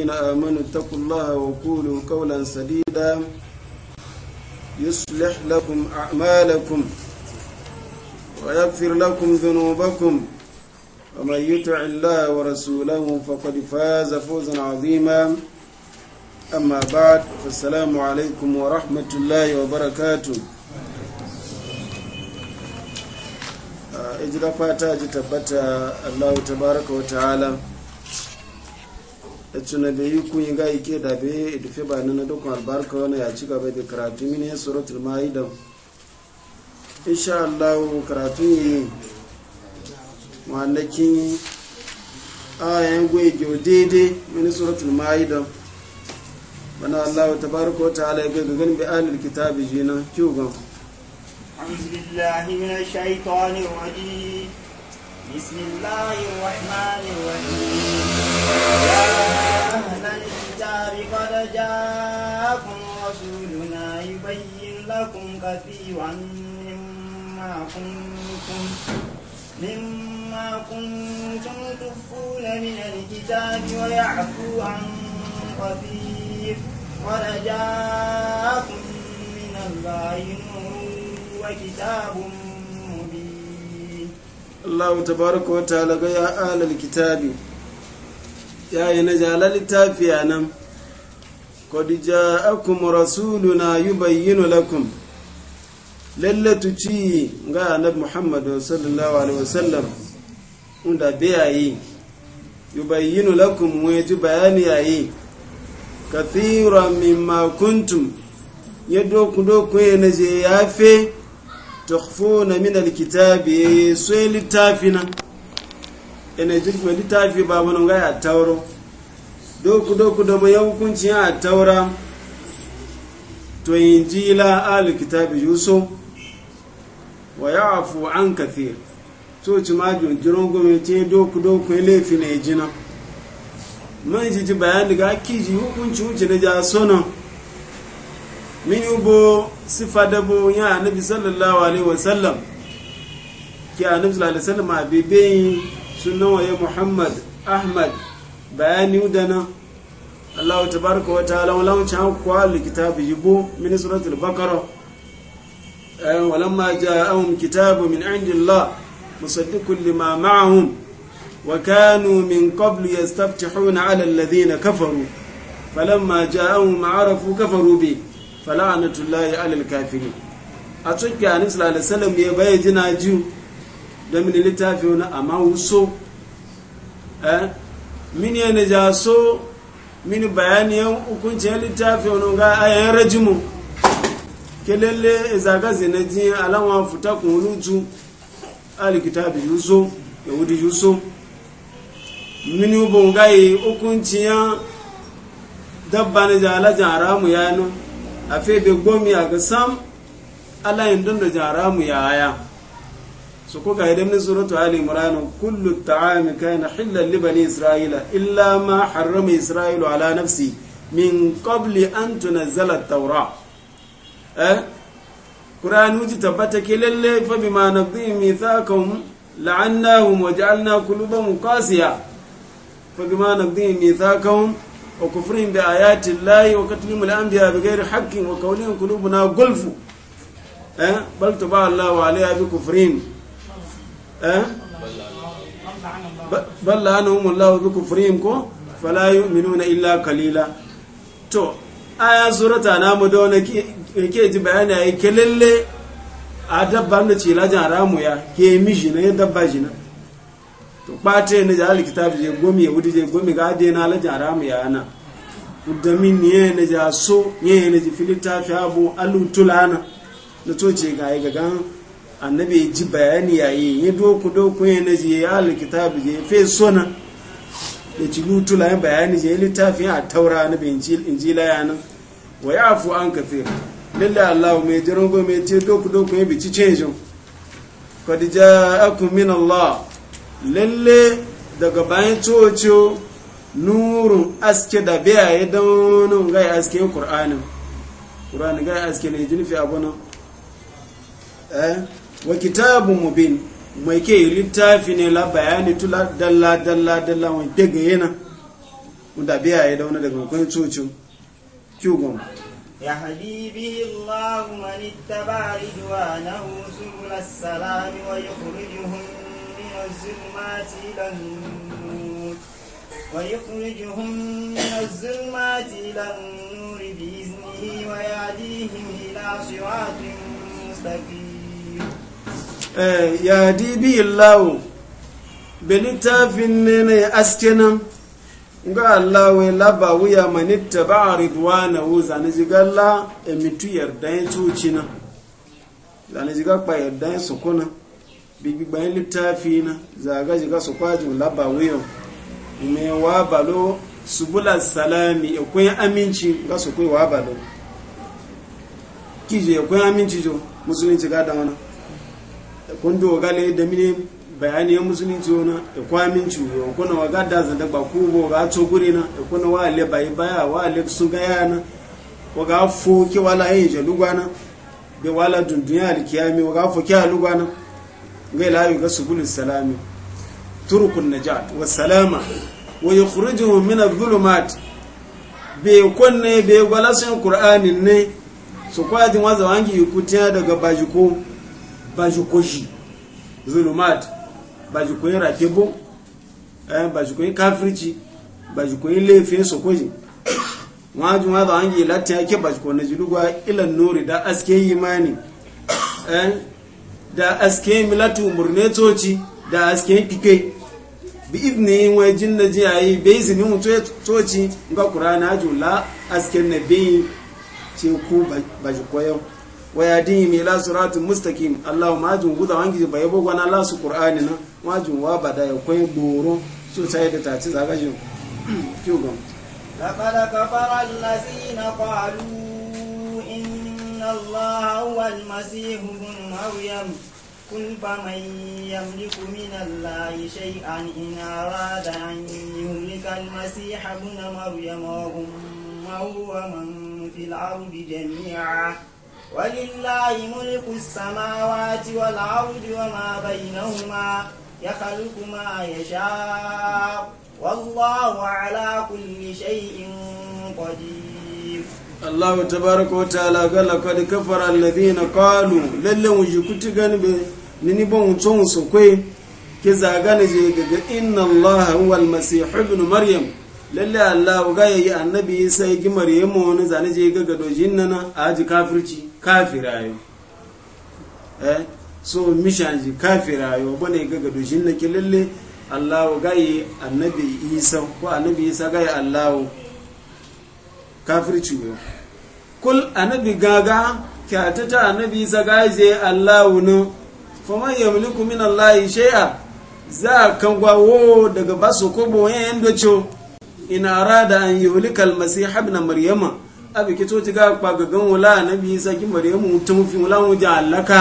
الذين آمنوا اتقوا الله وقولوا قولا سديدا يصلح لكم أعمالكم ويغفر لكم ذنوبكم ومن يطع الله ورسوله فقد فاز فوزا عظيما أما بعد فالسلام عليكم ورحمة الله وبركاته إذا إجرافات تبت الله تبارك وتعالى tuna da yi kun yi ga ke da be dufe ba na dukkan albarka wani ya ci gaba da karatu mini ya suratul ma'idan insha Allah karatu yi wanda kin yi ayan gwe gyo daidai mini suratul ma'idan bana Allah tabaraka wa ta'ala ya ga gan bi ahlul kitabi jina kyugan أعوذ بالله من الشيطان الرجيم بسم الله الرحمن الرحيم يا أهل الكتاب قد جاءكم رسولنا يبين لكم كثيرا مما كنتم مما كنتم تخفون من الكتاب ويعفو عن كثير قد جاءكم من الله نور وكتاب Allah tabaraka wa ta'ala ga ya alal kitabi ya yi na littafi a nan qad ja'akum rasuluna yubayyinu lakum lallatu ci ga annabi Muhammad sallallahu alaihi wasallam unda bayayi yubayyinu lakum wa yaji bayani yayi kathiran mimma kuntum yadoku doku ya ne je yafe tukhfuna min alkitabi sai littafi na ina jirgin littafi ba mana ga ya tauro doku doku da mai hukunci ya taura to injila alkitabi yusuf wa ya'fu an kathir to ci ma jiron gwamnati doku doku ya laifi na ya jina man ji ji bayan daga kiji hukunci wuce na ja sonan min yubo sifa dabo ya annabi sallallahu alaihi wasallam ki anabi sallallahu alaihi wasallam abebe sunan ya muhammad ahmad bayani udana Allah tabaraka wa ta'ala wa lawan chan kwa likitabu yubo min suratul baqara ولما جاءهم كتاب من عند الله مصدق لما معهم وكانوا من قبل يستفتحون على الذين كفروا فلما جاءهم عرفوا كفروا به fala'anatullahi alal kafiri a cikin anis lalisalam ya bayan jina jiyu da mini littafi wani amma wuso eh mini yana ja so mini bayaniyan hukuncin littafi wani ga ayan rajimu kelele izagazi na jiyan alawa fita kun rutu alikitabi yuso yahudi yuso mini ubon gaye hukuncin dabba na jalajen haramu yanu a febe gomi a ga sam alayin don da jara mu ya haya su kuka idan ni suratu ali imran kullu ta'am kana hillan li bani isra'ila illa ma harrama isra'ilu ala nafsi min qabli an tunazzala at-taura eh qur'an uji tabbata ke lalle fa bima nabdi mithaqahum la'annahum wa ma qulubahum qasiya fa bima nabdi mithaqahum وكفرهم بآيات الله وقتلهم الأنبياء بغير حق وقولهم قلوبنا غلف أه؟ بل تبع الله عليها بكفرهم أه؟ بل لعنهم الله بكفرهم فلا يؤمنون إلا قليلا تو آية سورة أنام دون كي ji bayani ya yi kelele a dabba da ce lajin haramu ya ke mishi to ɓata na jihar likitafi je gomi ya wuce je gomi ga adi na alajin haramu ya ana udamin ne na ja so ne na ji fi abu alutulana na toce ga yi gagan annabi ji bayani ye ya doku doku ya na ji ya kitabu je fe sona ya ci lutula ya bayani je littafin a taura na bi injila ya na wa ya afu an kafir lalla allah mai jiran gome ce doku doku ci bici cejin qad ja'akum min allah lalle daga bayan cocio nurun aske da biya ya daunin gai aske ƙur'anin ƙur'anin gai aske ne jinifi abunan eh wa kitabun mubin mai ke littafi ne la bayani tula dalla dalla dalla wani daga yana da ya daunin daga bayan cocio mani يهدي به na من اتبع salami سبل السلام ويخرجهم الظلمات إلى النور ويخرجهم من الظلمات إلى النور بإذنه ويهديهم إلى صراط مستقيم يا الله بلتافن أسكنا nga Allah wai laba wuya manitta ba a ridwana wu zane jiga la emitu yarda ya cuci na zane jiga kpa yarda ya bibi bayan littafi na zaga jiga su kwajin laba wuyan ime wa balo salami ekwe aminci ga su kwe wa balo kije ekwe aminci jo musulunci ga da wani kundu wa gale da mini bayani ya musulunci wani ekwe aminci yo kuna wa gada zanda ba ku ga tsoguri na kuna wa le bayi baya wa le su gaya yana wa ga fo wala yin jalugwana be wala dundunya alkiyami wa ga fo ke alugwana ga layu ga subulun salami turukun najat wa salama wa yukhrijuhu min adh-dhulumat be kunne be gwalasin qur'anin ne su kwaji waza wangi yukutiya daga bajuko bajuko shi zulumat bajuko yin rakebo eh bajuko yin kafirci bajuko yin laifin sokoji waji waza wangi latin yake bajuko na jilugwa ilan nuri da aske imani da aske milatu murne toci da aske kike bi ibni wa jinna ji ayi be izini mu toci ga qur'ana jula aske nabi ce ku ba ji koyo wa yadi mi la suratul mustaqim ma ajun guda wangi ba yabo gwana la su qur'ani na wajun wa bada ya koyo goro so sai da ta ci zaga jin kyugan لقد كفر na qalu أن الله هو المسيح ابن مريم قل فمن يملك من الله شيئا إن أراد أن يهلك المسيح ابن مريم وأمه ومن في الأرض جميعا ولله ملك السماوات والأرض وما بينهما يخلق ما يشاء والله على كل شيء قدير Allah tabaraka wa ta'ala ga laqad kafara alladhina qalu lalle wuji kutigan be nini bon tson so kwe ke zaga ne je ga inna Allah huwa al-masih ibn maryam lalle Allah ga yayi annabi Isa ya gi maryam wani zane je ga gado jinnana aji kafirci kafirayo eh kafirci yau kul anabi gaga kyata ta anabi zagaje allahu ne faman yamliku min allahi shay'a za kan gwawo daga basu ko boyen docho ina rada an yulika almasih ibn maryama abi kito ti ga pa gagan wala anabi saki maryamu tun fi wala mu ja allaka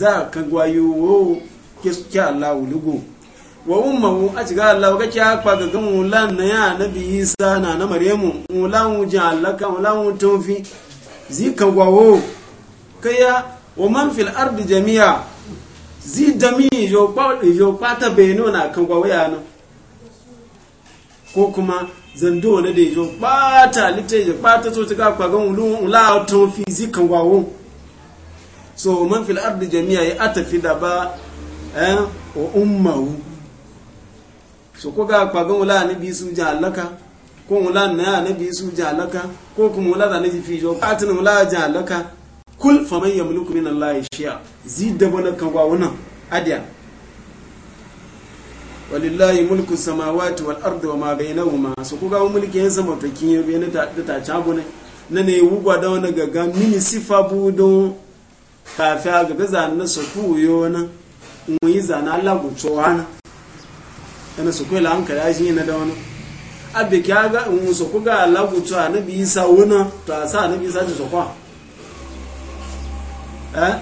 za kan gwayo ke ke allahu lugu wa ummahu a ciga Allah ga kiya kwa ga gan wulan na ya nabi Isa na na Maryamu wulan wujin Allah kan wulan wutun fi zika gwawo kaya wa man fil ardi jami'a zi dami yo pa yo kwata beno na kan gwawo ya no ko kuma zando na de yo ta lite yo ta to ciga kwa gan wulan wulan wutun fi zika gwawo so man fil ardi jami'a ya atafi da ba eh wa ummahu so ko ga kpagan wula ni bi su ja alaka ko wula na ni bi su ja alaka ko kuma wula da ni fi jo ka tin wula ja alaka kul faman yamliku min shiya zi zidda na kan wa wannan adiya walillahi mulku samawati wal ardi ma bainahuma so ko ga mulki yan sama ta kin yobe ne ta ta chabu ne na ne wugwa da wani gaga mini sifa budon kafi a gaga zanen su kuyo na mu yi zana Allah gucowa na yana su kwela hankali a shi yana da wani abe ki ga in ku ga lagutu a nabi isa wuna to a sa nabi isa ji su kwa eh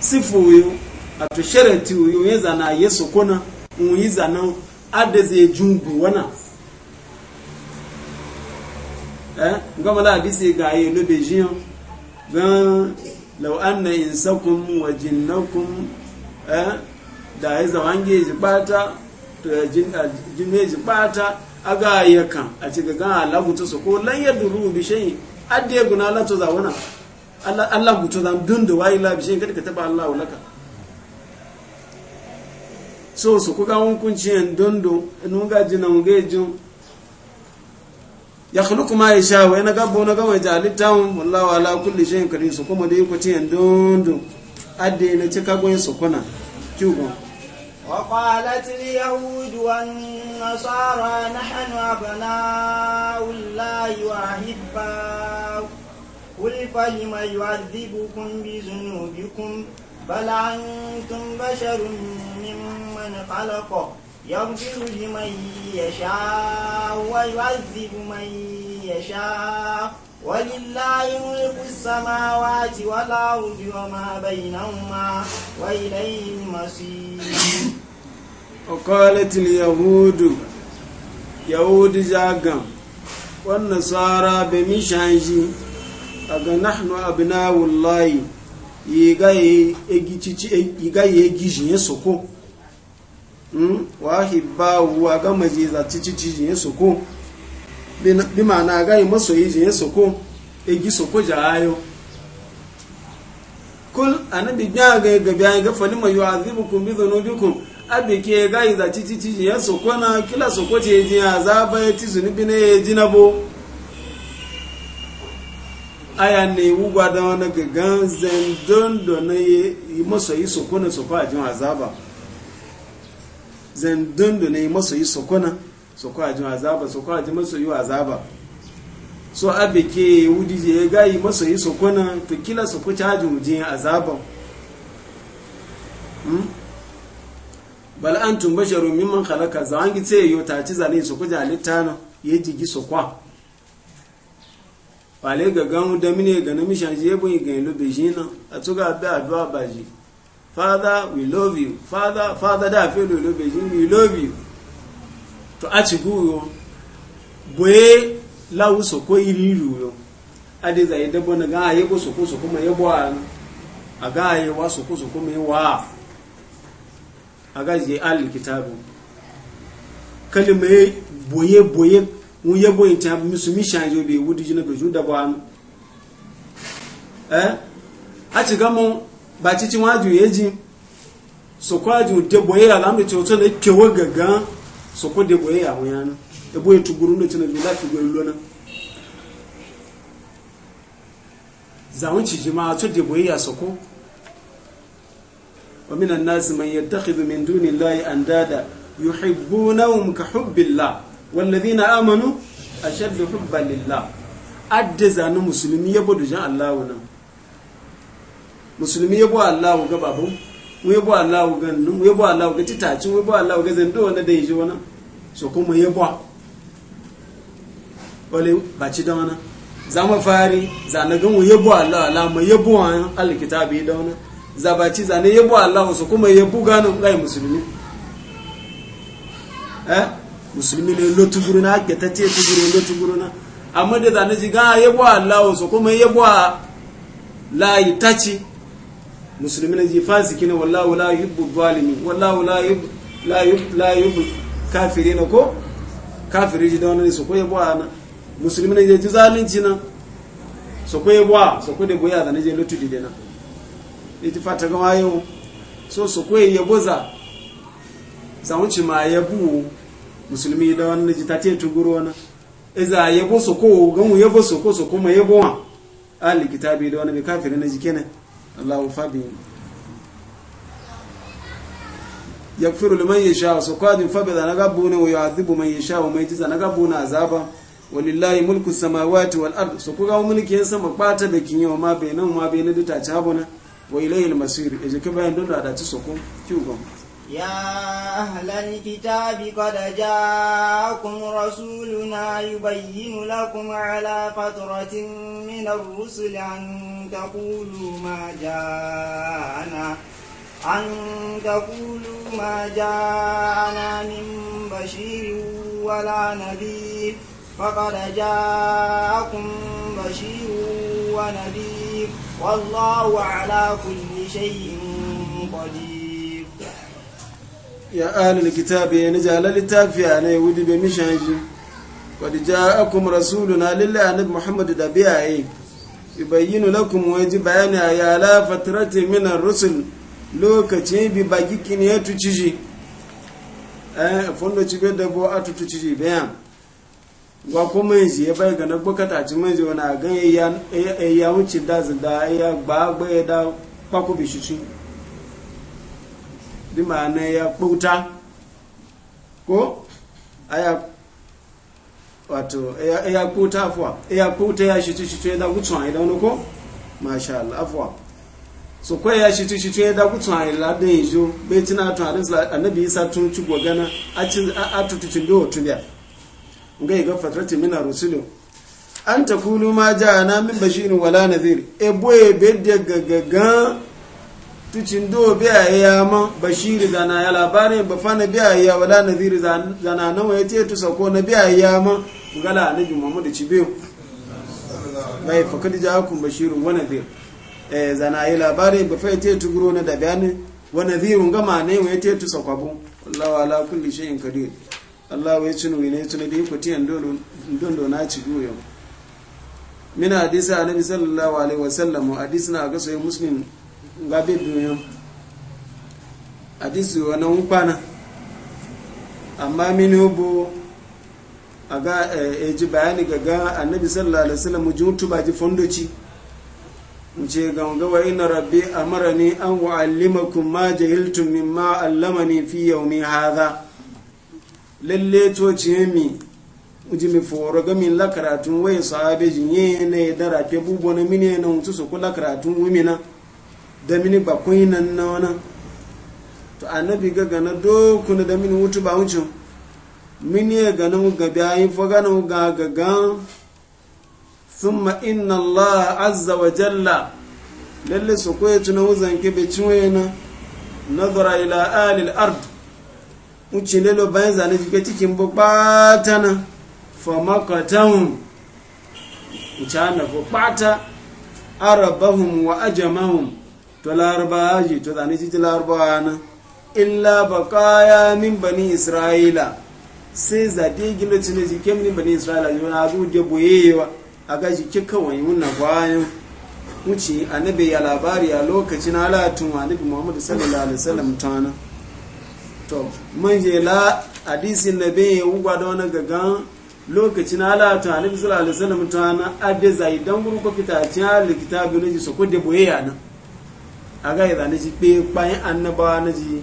sifu wiyu a to shirati yi yi zana ya su kuna in yi zana adda zai jungu wana eh gama da bisi ga yi lobe jiyan don lau an na insakun wa jinnakun eh da ya zawange ji bata ji bata a aga yakan a ci gaga alagutu su ko lan yadda ruhu bishayi adde guna lato za wana Allah gutu zan dun da wayi la shi kada ka taba Allah laka so su kuka hukunci yan dondo nuga jina muge jin ya khluqu ma yasha wa yana gabo na gawa jalitan wallahu ala kulli shay'in qadir su kuma dai ku ci yan dundu adde na cika goyin su kuna kyugon وقالت اليهود والنصارى نحن أبناء الله وأحباء قل فلم يعذبكم بذنوبكم بل أنتم بشر ممن خلق يغفر لمن يشاء ويعذب من يشاء ولله ملك السماوات والأرض وما بينهما وإليه المصير وقالت اليهود يهود جاغم والنصارى بمشانجي aga nahnu abnawullahi yigaye egichichi yigaye egijinye soko mm wa hibba wa ga majiza chichichi jinye soko bí na agaghị m so ije soko egi soko jaayo kul anabi gba ga gabi an ga fani ma yu'adhibukum bi dhunubikum abi ke ga iza titi titi ya soko na kila soko ce ji azaba ya ti zunubi na ya ji na bo aya ne wugwa da wani gagan zendondo na yi masa yi soko na soko a jin azaba zendondo na yi masa soko na so kwa jin azaba so kwa ji masoyi azaba so abe ke wudi je ga yi masoyi so kona to kila so ko caji mujin azaba hmm bal antum basharu mimman za zangi tse yo ta ci zane so kwa jalita no ya jigi so kwa wale ga gan da mine ga na mishan je bo ga lo bejina atuga da adwa baji father we love you father father da fe lo lo shi we love you to a ci guyo boye lawu soko iri ruyo a dai zai dabo na ga aye ko soko soko mai yabo a ga aye wa soko soko mai wa a ga je al kitabu kalmai boye boye mun yabo ita musumi shanjo be wudu jina be juda ba eh a ci mu ba ci cin waju yeji soko aju debo yira lamu to to ne kewo gagan so ko de boye awon yan e boye tuguru no tuna bila ti goyi lona zawon ci jima to de boye ya soko wa minan nas man yattakhidhu min duni llahi andada yuhibbunahum ka hubbillah ladina amanu ashaddu hubban lillah adda zanu musulmi yabo dujan Allah wannan musulmi yabo Allah ga babu webo Allah ga num webo Allah ga titaci webo Allah ga zan do wanda da yaji wannan so kuma yebo wale ba ci da wannan za mu fari za na gan yebo Allah ala ma yebo an alkitabi da wannan za ba ci za ne yebo Allah so kuma yebo ganin kai musulmi eh musulmi ne lotu guruna ga ta ce guruna lotu guruna amma da za na ji ga yebo Allah so kuma yebo la yi ci. musulmi na ji fasiki na wallahu la yuhibbu zalimi wallahu la yuhibbu la bu la ko kafiri ji da wani su ko yabo na musulmi na ji zalinci na su ko yabo su kwaye da goya da na je lutu dide na ita fata ga yau so su kwaye ya za za wuce ma bu musulmi da wani ji ta ce guru na iza bu su ko gan bu su ko su kuma yabo wa ahli kitabi da wani kafiri na ji kenan Allah fabi yaghfiru liman yasha so kwadin fabi da naga bune wa yu'adhibu man yasha wa mai tiza naga bune azaba walillahi mulku samawati wal ard so kuga mulkin sama bata da kinyo ma bainan ma bainan da ta cabona wa ilayhi al masir eje ke bayan don da ta soko kiwo يا أهل الكتاب قد جاءكم رسولنا يبين لكم على فترة من الرسل أن تقولوا ما جاءنا أن تقولوا ما جاءنا من بشير ولا نذير فقد جاءكم بشير ونذير والله على كل شيء قدير ya ahlul kitabi ne jala littafi ne wudi be mishan shi qad ja'akum rasuluna lillahi annabi muhammad da biyaye yubayyinu lakum wa bayani ya la fatrati min ar-rusul lokaci bi bagi kiniya tuciji eh fondo ci da bo atutu ciji bayan wa kuma yanzu ya bai ga na bukata ci mai zo na ga ya ya wuce da zida ya gbagba ya da kwakubi shi bi ma'ana ya bauta ko aya wato ya kuta afuwa ya kuta ya shitu shitu ya dagu tsohon idan wani ko masha Allah afuwa so kwa ya shitu shitu ya dagu tsohon idan da ya jo bai tina tun hadis annabi isa tun ci gogana a tutucin biyu otu biya ga iga fatrati mina rusulu an ta kulu ma ja na min bashirin wala nazir ebo ebe da gagagan tucin do biya ya ma bashiri zana ya labarin ba fa na biya ya wala naziri zana nawa ya ce tu sako na biya iya ma gala annabi muhammadu cibiyu bai fakadi ja kun bashiru wani nazir eh zana ya labarin ba fa ya ce tu guro na da bayanin wa nazirun gama ne wa ya ce tu sako abu wallahu ala kulli shay'in qadir Allah wai tunu ne tunu da yiko tiyan dondo dondo na ci biyu goyo min hadisi annabi sallallahu alaihi wasallam hadisi na ga sai muslim nga bebi yam hadisi wani nkwana amma mini hubu a ga eji bayani ga ga annabi sallallahu alaihi wasallam ji mutu ba ji fondoci ce ga wa ina rabbi amarani an wa'allimakum ma jahiltum mimma allamani fi yawmi hadha lalle to ce mi ji mi foro ga min la karatun waye sahabe jinye ne dara ke bubo na mine na mutu su kula karatun wumina da mini yi nan na wani to annabi ga gana dokuna da mini wutu ba wucin mini ya gana ga bayan mu ga gagan thumma inna allah azza wa jalla lalle su koya tuna wuzan kebe cinwe na nazara ila alil ard wuce lelo bayan zane fi cikin bukata na famakatan wuce hannafa bukata arabahum wa ajamahum to laraba ji to zane ci laraba na illa bakaya min bani isra'ila sai zade gilo ci ne jike min bani isra'ila ji wani azu da boyewa a ga jike kawai muna bayan wuce annabi ya labari a lokacin halatun annabi muhammadu sallallahu alaihi wasallam tana to man je la hadisin da bai wuga da wani gagan lokacin halatun annabi sallallahu alaihi wasallam tana adda zai dan gurko fitacin halittu kitabu ne ji su kudde boyeya nan aga yi zane ji pe bayan annabawa na ji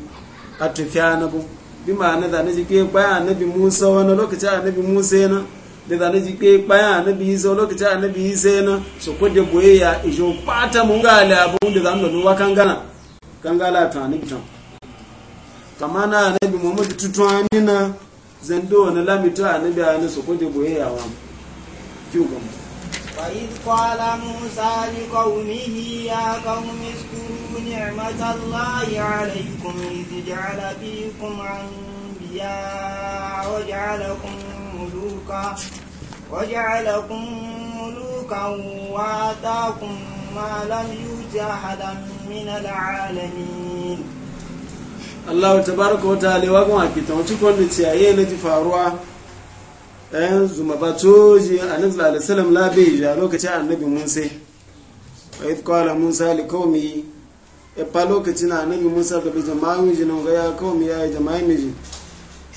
a tafiya na bu bi ma'ana zane ji pe bayan annabi musa wani lokacin annabi musa yana da zane ji pe bayan annabi isa wani lokacin annabi isa yana su kudin boye ya ijo fata mun ga alabu da zan nuna wa kangana kangala ta ni can kama na annabi muhammadu tutuwa nina zando wani lamita annabi a ni su kudin boye ya wa kyau gama وإذ قال موسى لقومه يا قوم اذكروا نعمة الله عليكم إذ جعل فيكم أنبياء وجعلكم ملوكا وجعلكم ملوكا وآتاكم ما لم يؤت أحدا من العالمين الله تبارك وتعالى وقوم أكيد وشكرا لتسيئين التي فاروها ɗayan eh, zuma ba toji a nan zalisalam labe ya lokacin annabi musa wa yi kwala musa li kawmi ya e fa lokacin annabi musa da bi jama'in miji nan ga ya kawmi ya yi jama'in miji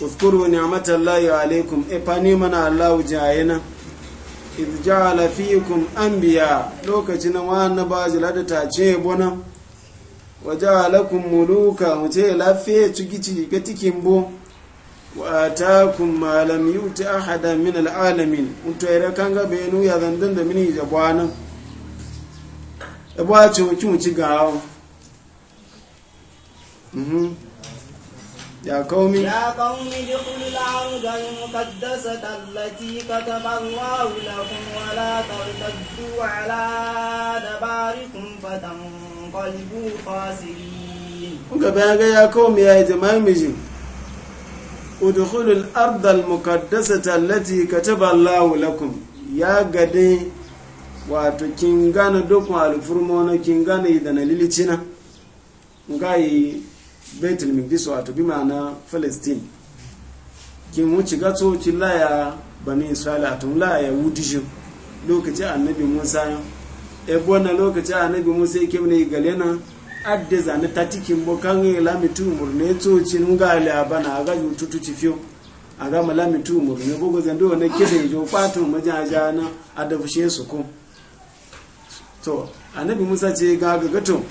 uskuru matan layi alaikum ya e fa neman allahu jayena idh ja'ala an biya. lokacin wa annaba jilada ta ce bona wa alakun muluka mu ce lafiya cikici ga tikin bo وآتاكم ما لم يؤت أحدا من العالمين أنتو إذا كان بينو يا ذندن دمني جبوانا أبوا تشو تشو تشغاو يا قومي يا قومي ادخلوا العرض المقدسة التي كتب الله لكم ولا ترتدوا على دباركم فتنقلبوا خاسرين. Kuka bayan ga ya kawo mai ya yi jama'in mijin. udkhulul ardal muqaddasata allati kataba Allahu lakum ya gade wato kin gana dukkan alfurmo na kin gana da nalilicina ngai baitul maqdis wato bi ma'ana palestine kin wuce gato kin laya bani isra'ila tun laya wudijin lokaci annabi musa ebona lokaci annabi musa yake yi galena adde zane tati kimbo kan yi lami tumur ne tsoci nunga na aga yi tutu ci aga ma lami tumur ne gogo zando wani kida yi jo fatun majaja na adabushe su ko to annabi musa ce ga gagatun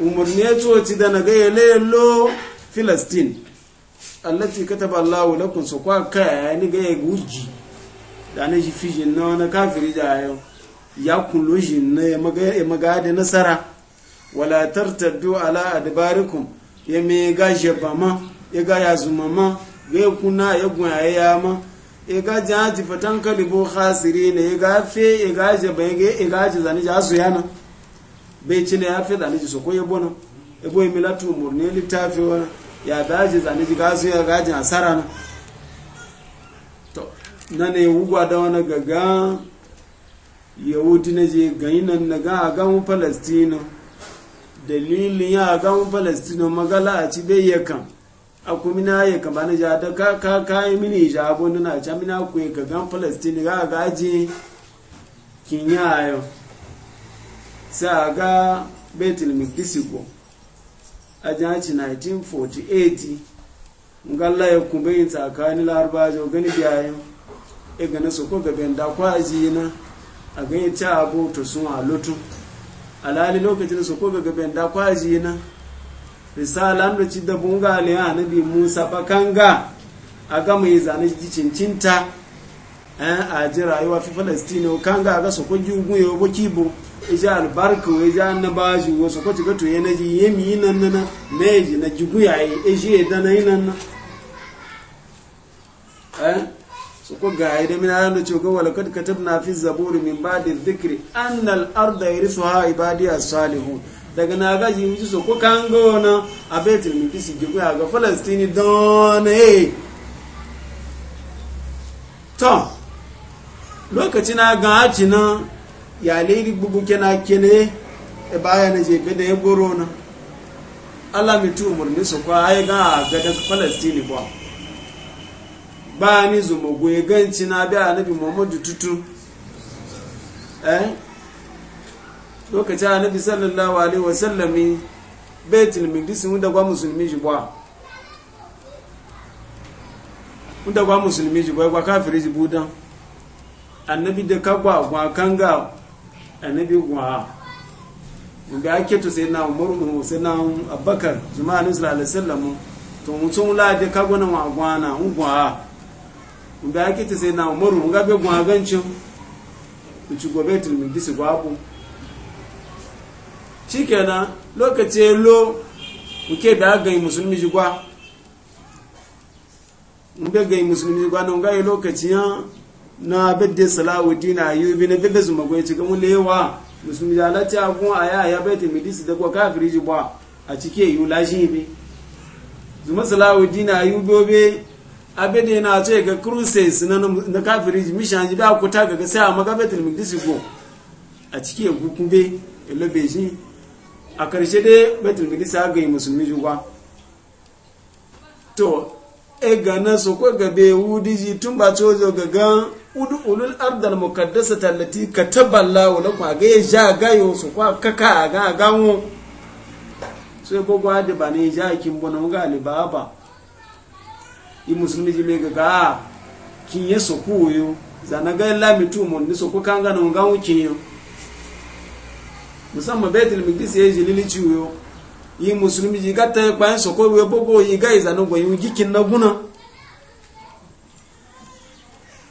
umarni ya tsoci da na gaya layallo filastin allati kataba allahu lakum su kwa kaya ni gaya guji da na shi fijin na wani kafiri da ya kullu shi na ya maga da nasara wala tartaddu ala adbarikum ya me ga jebama ya ga yazumama ga kuna ya gwaya ya ma ya ga jaji fatan kalibo khasiri ne ya ga fe ya ga jeba ya ga ji zani ja su yana bai cine ya fe dani ji ko e e ya bona ya boye milatu murne littafi wani ya daji zani ji ga su ya ga ji asara na to na ne wugwa da wani gaga yahudi na je ga nan na ga a gan palestina dalilin ya gamun palestino magala a ci bai yakan a na yi kama na jada ka ka mini yi mini ja abun na ca mina ku ya ka gan palestino ga gaji kinya ya ayo a ga betul mikdisiko a janci 1948 ngalla ya kuma yin tsakanin larabajo gani biyayen e gane su ko gaben da kwaji na a gani ta abu ta sun a lutun alali lokacin su ko ga benda kwaji na risalan da ci da bunga ne annabi Musa bakanga a ga mai zane ji cincinta eh, a ji rayuwa fi Palestine kanga ga su ko jugun yo bo kibo e ija albarka we ja na baji wo su ko ci gato to yana yemi nan nan meji na jugu yayi da nan nan eh su ko ga ayi da mina yan da cewa wala kad katabna fi zaburi min ba'di dhikri anna al arda yarithuha ibadi as-salihun daga na ga yi su ko kan gona a abetil mi kisi gi ga ga palestini don eh to lokacin na ga aci na ya leri bugu kena kene e baya na je da ya goro na Allah mitu su kwa ga ga palestini bani zumo goye ganci na bi annabi muhammadu tutu eh lokacin annabi sallallahu alaihi wasallam baitul maqdis mun da gwa musulmi ji gwa mun da gwa musulmi ji gwa gwa kafiri ji budan annabi da ka gwa gwa kanga annabi gwa ga ake to sai na umaru mu sai na abubakar jama'a sallallahu alaihi sallam to mutum la da ka gwa na gwa na gwa mbe akiti sai na umaru nga be gwa gancho uci gobe tilmidisi gwabu shikenan lokaci lo nke da gai musulmi gwa mbe gai musulmi gwa na nga lokaci ya na bedde salawuddin ayubi na bedde zuma gwe ci gamu lewa musulmi da lati agun aya ya bai tilmidisi da kwa kafiri gwa a cike yi lashi bi zuma salawuddin ayubi abin da yana ce ga crusades na kafiri mishan ji da kuta ga sai a magabatul maqdis go a ciki ya gukube lobe shi a karshe dai batul maqdis a ga musulmi juga to e gana so kwa ga be wudi ji tun ba to wajen gaga gan udu ulul ardal tallati ka taballa wani kwa ga ya ja ga yo so kwa kaka ga ga mu sai ko da ba ne ja kin na ga alibaba i musulmi ji mega ga ah, kin ye soku yo zana ga la mitu mon ni soku kanga no ga wukin yo musamma baitul migdis ye ji lili ci yo i musulmi ji ga ta pa soku yu bobo yi ga izana go yi jikin na guna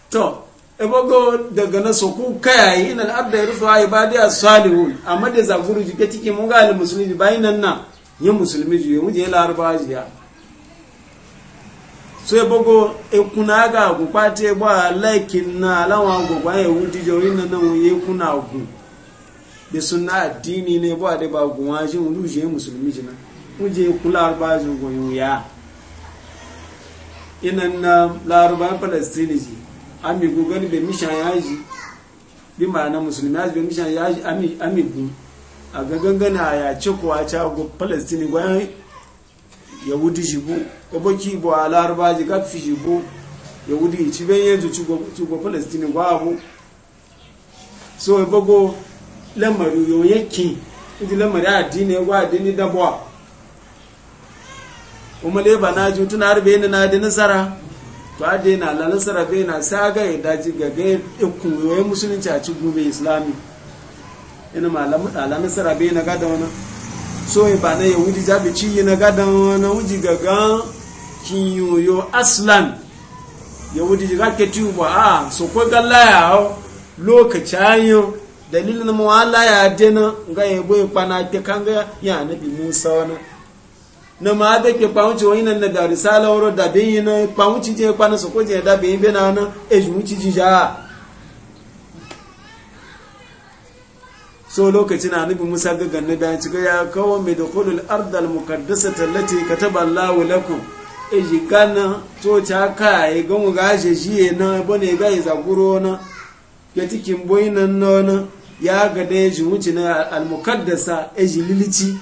to ebogo daga na soku ka yi na abda ya ibadi a salihun amma da zaguru mun ga al musulmi bayan nan na yin musulmi juye muje larabawa jiya so ebogo ekuna aga agwụ kpata egbe na alanwa agwụgwa ya ewu dije ori na nan wuye ekuna agwụ da suna addini ne ba da ba gwa ji ya je musulmi jina wuje kula arba ji goyo ya na laruba palestini ji ami gani be mishan yaji bi ma'ana musulmi yaji be mishan yaji ami ami a ga ya yahudi jibo oboki bo alarba ji gafi jibo yahudi ci ben yanzu ci go palestini ba abu so ibogo lamari yo yake idi lamari addini ya gwa addini dabwa kuma leba na ji tun harbe ni na da nasara to a dai na la nasara bai na sa ga ya daji ga ga ikun yoyi musulunci a cikin gube islami ina malamu ala nasara bai na gada wani so ba na yahudi zaɓi ciye na gadon na wuji gagan kinyoyo aslan yahudi ji rake tuba a so kwa galaya o lokaci ayo dalilin mawala ya dena ga yabo ya kwana ke kan ga ya nabi musa wani na ma da ke kwanci wani nan daga risala wuro da bin yi na kwanci je kwana so kwa je da bin yi bena na eji wuci ji so na nufin Musa ga ganni da ci ga ya kawo mai da kulul ardal muqaddasata allati ka Allahu lakum e gana to ta kai ga ga je jiye na bane ga ya zaguro na ya tikin boinan ya ga da ji wuce na al muqaddasa e jililici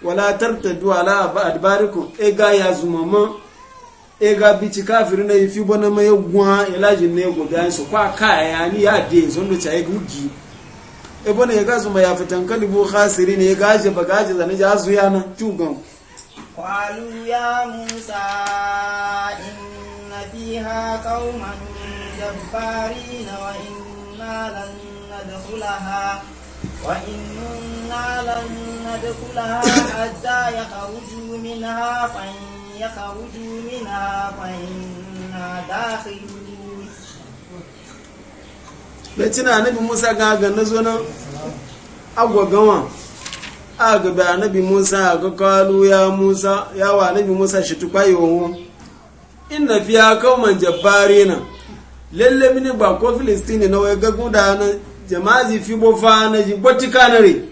wala tartadu ala adbarikum e ga ya zumama e ga ci kafiri na yi fi bane mai gwa ilajin e ne go su kwa kai ni ya de zonu no yi gugi ebona ya gasu ma ya fitan kalibu khasiri ne gaje ba gaje zane ja zu ya nan tugan qalu ya musa inna fiha qauman jabbarin wa inna lan nadkhulaha wa inna lan nadkhulaha hatta yakhruju minha fa yakhruju minha fa inna dakhilun na anabi musa ga ga na zo na agwagawa a ga gaba anabi musa ga kalu ya musa ya wa anabi musa shi tukwaye wawo inna fi ya kauman jabbare na lalle mini ba ko filistini na wai gagu da na jama'i fi bofa na ji gwatika kanare re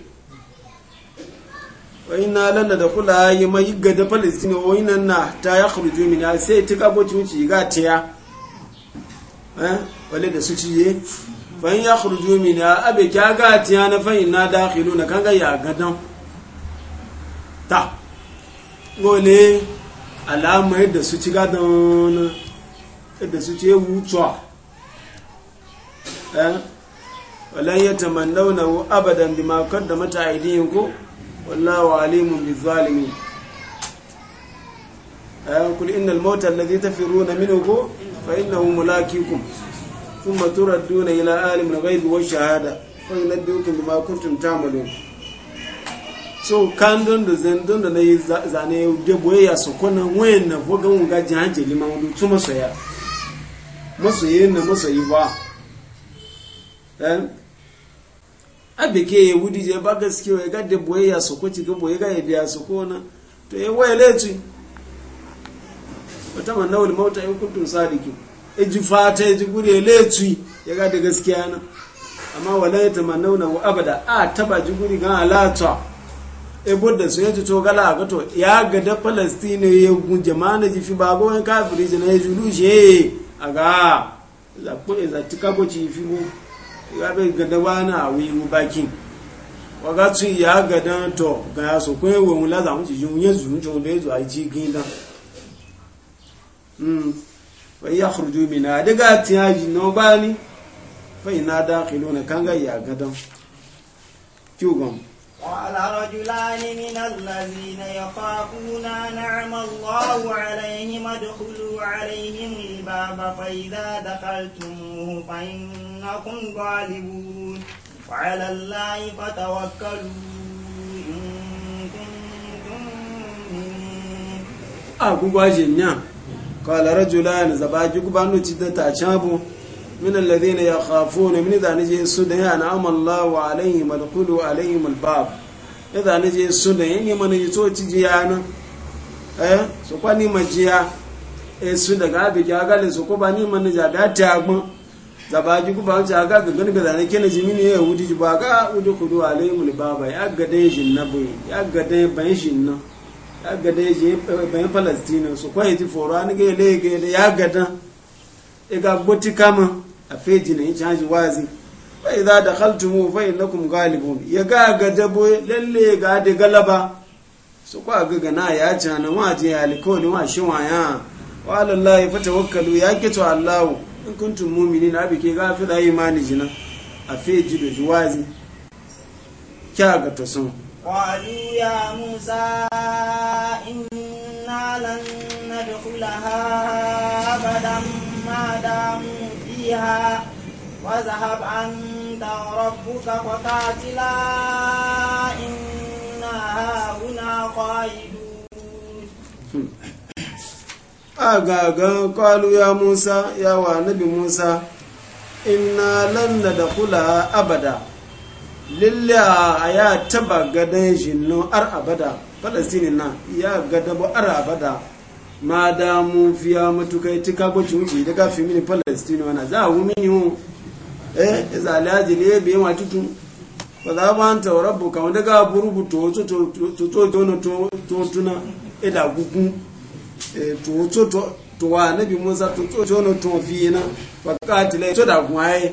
wai na lalla da kula yi mai gada filistini wai ina na ta ya kurju mini sai tika bocin ci ga tiya eh wale da su ciye fahim ya kurju mini a abe kya gati ya na fahim na dakilu na kan gaya gadon ta gole alama yadda su ci gadon yadda su ce wucewa eh, walan ya tamannawna hu abadan bima qaddamat aydikum wallahu alimun bizzalimin ayatul eh, innal mauta alladhi tafirruna minhu fa innahu mulaqikum ثم تردون إلى عالم الغيب والشهادة فينبئكم بما كنتم تعملون so kan don da zan don da nayi zane de boyayya su kona wayan na foga mun ga jihar jeli ma wudu tu masoya masoye na masoyi ba eh abike wudi je ba gaskiya ga de boyayya su ko ci ga boye ga biya su kona to ya waye letu wata manawul mauta in kuntum sadiqin eji fata eji gure letui ya ga da gaskiya nan amma wala ya tamannauna wa abada a taba ji guri gan alata ebo da su yaji to gala ga to ya ga da palestina ya gun jama'a ji fi ba go kafiri ji na yulu je aga za ko za tika go ci fi mu ya be ga da a wi mu bakin waga ya ga da to ga so ko we mu la za mu ji jun yezu jun le zo ai ji fa ya khurju mina daga tiyaji no bani fa ina dakhiluna kanga ya gadan kyugon قال رجلان من الذين يخافون نعم الله عليهم ادخلوا عليهم الباب فإذا دخلتموه فإنكم غالبون وعلى الله فتوكلوا إن كنتم مؤمنين qala rajulan zabaju gubanu cidda ta chabu min alladhina yakhafuna min idha nije sudan an'ama Allahu alaihim alqulu alaihim albab idha nije yi ni man yito cijiyana eh so kwani majiya e su daga abiki agale so ko ba ni man ja da tagbon zabaju gubanu a ga gangan ga zane kene jimini ya wudi ba ga udu kudu alaihim albab ya ga yi ga agada ya je bayan palestina su kwaye ji foro an ga ile ga ile ya gada ya e ga gboti kama a feji na yanci wazi fa idza dakhaltum fa innakum ghalibun ya ga gada bo lalle ga da galaba su kwa ga gana ya ci na wa je alikoli wa shi wa ya wa lallahi fa ya kito allahu in kuntum mu'minin abi ke ga fi da imani jina a feji da juwazi kya ga sun قالوا يا موسى إنا لن ندخلها أبدا ما داموا فيها وذهب أنت وربك فقاتلا إنا هنا قائدون أغاغا قالوا يا موسى يا nabi موسى إنا لن ندخلها أبدا lilla a ya taba gadon jinnu ar abada falastini na ya gada ba ar abada ma da mu fiya matukai tika bocin wuce daga fi mini falastini wana za a wumini hu eh za a laji ne bai ma tutun ba za ba an taura buka wanda ga burubu to to to to tuna ila gugun to to to wa nabi musa to to to to fiye na fakatila to da gwaye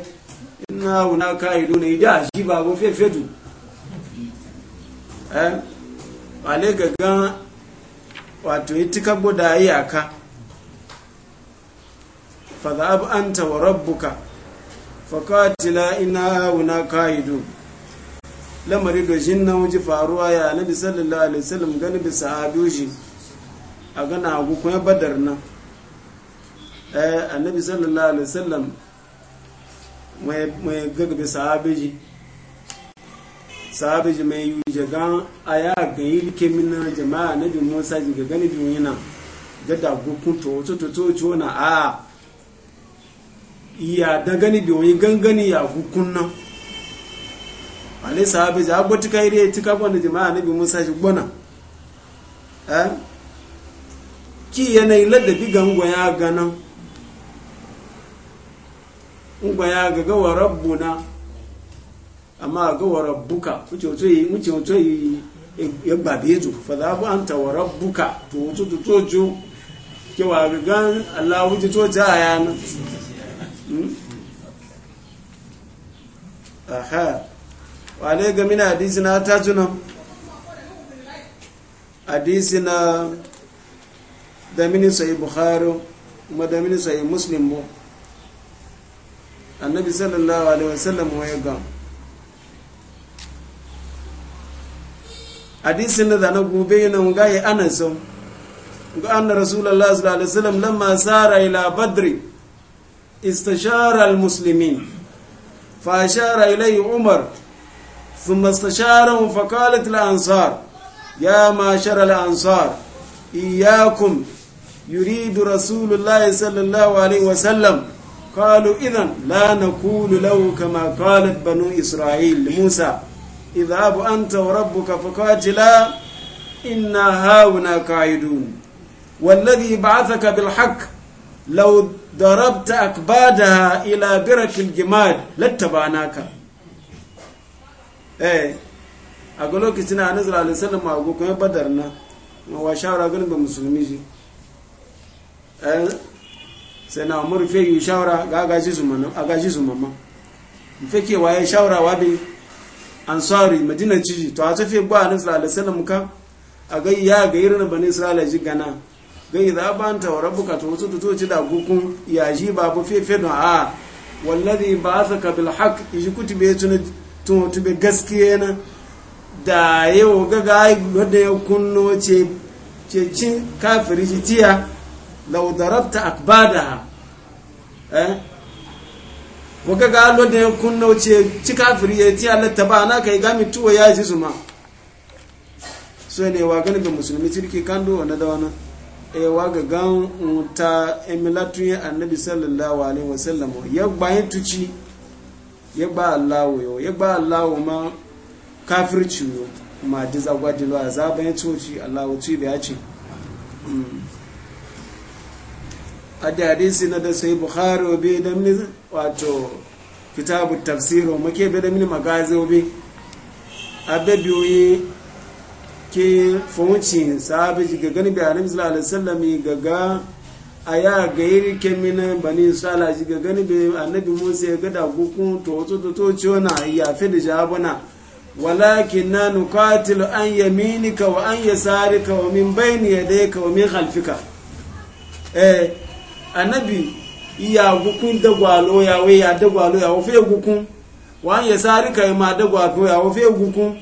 iná òun náà ká ìlú ní ìdí àṣìbà ó fẹ́ fẹ́ dù ẹ́ wàlé gangan wato yi tika guda yi a ka fada abu an tawa rabbuka fakatila ina wuna ka idu lamari dojin na wuji faruwa ya nabi sallallahu alaihi wasallam gani bisa adoji a gana agukun ya badar nan eh, annabi sallallahu alaihi wasallam mai gagabe sahabeji sahabeji mai yi jagan a ya gayi like mina jama'a na bi musa ji ga gani biyu yana da dagukun to to to to na a iya da gani biyu yi gangani ya gukun nan ale sahabeji abu yi iri ya tuka gwanda jama'a na bi musa ji gwana eh ki yanayi ladabi gangon ya ganan ngba ya ga gawa na amma gawa rabbuka kuce wuce yi wuce wuce yi ya gbabe zu fa za bu anta wa rabbuka to wuce ta to ju ke wa ga gan Allah wuce to ja ya na hmm? aha wa ne ga mina hadisi na ta tuna hadisi na da mini sai bukhari kuma da mini sai muslim mu annabi sallallahu alaihi wasallam ya ga hadisin da na gobe na ga ya anas ga anna rasulullah sallallahu alaihi wasallam lamma sara ila badri istashara almuslimin fa ashara ilayhi umar ثم استشارهم فقالت ya يا معشر الأنصار إياكم يريد رسول الله صلى الله عليه وسلم قالوا إذا لا نقول له كما قالت بنو إسرائيل لموسى اذهب أنت وربك فقاتلا إنا هاونا قاعدون والذي بعثك بالحق لو ضربت أكبادها إلى برك الجماد لاتبعناك eh a ga lokacin a nazar alisalin ma a gokon ya badar na wa shawara ganin ba musulmi shi sai na umaru yi shawara ga agaji mu fe ke waye shawara wa wabe ansari madina ciji to a tafi fi a ni alaihi wasallam ka a ga ya ga irin bani isra'ila ji gana gai za idza banta wa rabbuka to wasu to ci da gukun ya ji babu fe fe don a wallazi ba'athaka bil haqq ji be tun tun be gaskiya na da yau ga ga wanda ya kunno ce ce cin kafiri tiya لو ضربت akbadaha eh ko قال له da kun nauce ci kafiri ya ti Allah tabana kai ga mituwa ya ji zuma so ne wa ganin ga musulmi cirki kando wanda da wannan gan ta emilatu annabi sallallahu alaihi wasallam ya yin tuci ya ba Allah yo ya ba Allah ma kafirci yo ma dizagwa dilo azaban ya tuci ya ce a hadisi na da sai bukhari obi da mini wato kitabu tafsiru muke bi da mini magazi obi abe a bai biyoyi ke funci sahabi ga gani bi annabi sallallahu alaihi wasallam ga ga aya ga yiri ke bani sala ji ga gani bi annabi musa ya da gukun to wato to to ciwo na ya fi da jabuna walakin na nukatilu an yaminika wa an yasarika wa min bayni yadayka wa min khalfika eh anabi iya gukun dagwalo ya we ya dagwalo ya wofe gukun wa ya sari ka ma dagwalo ya wofe gukun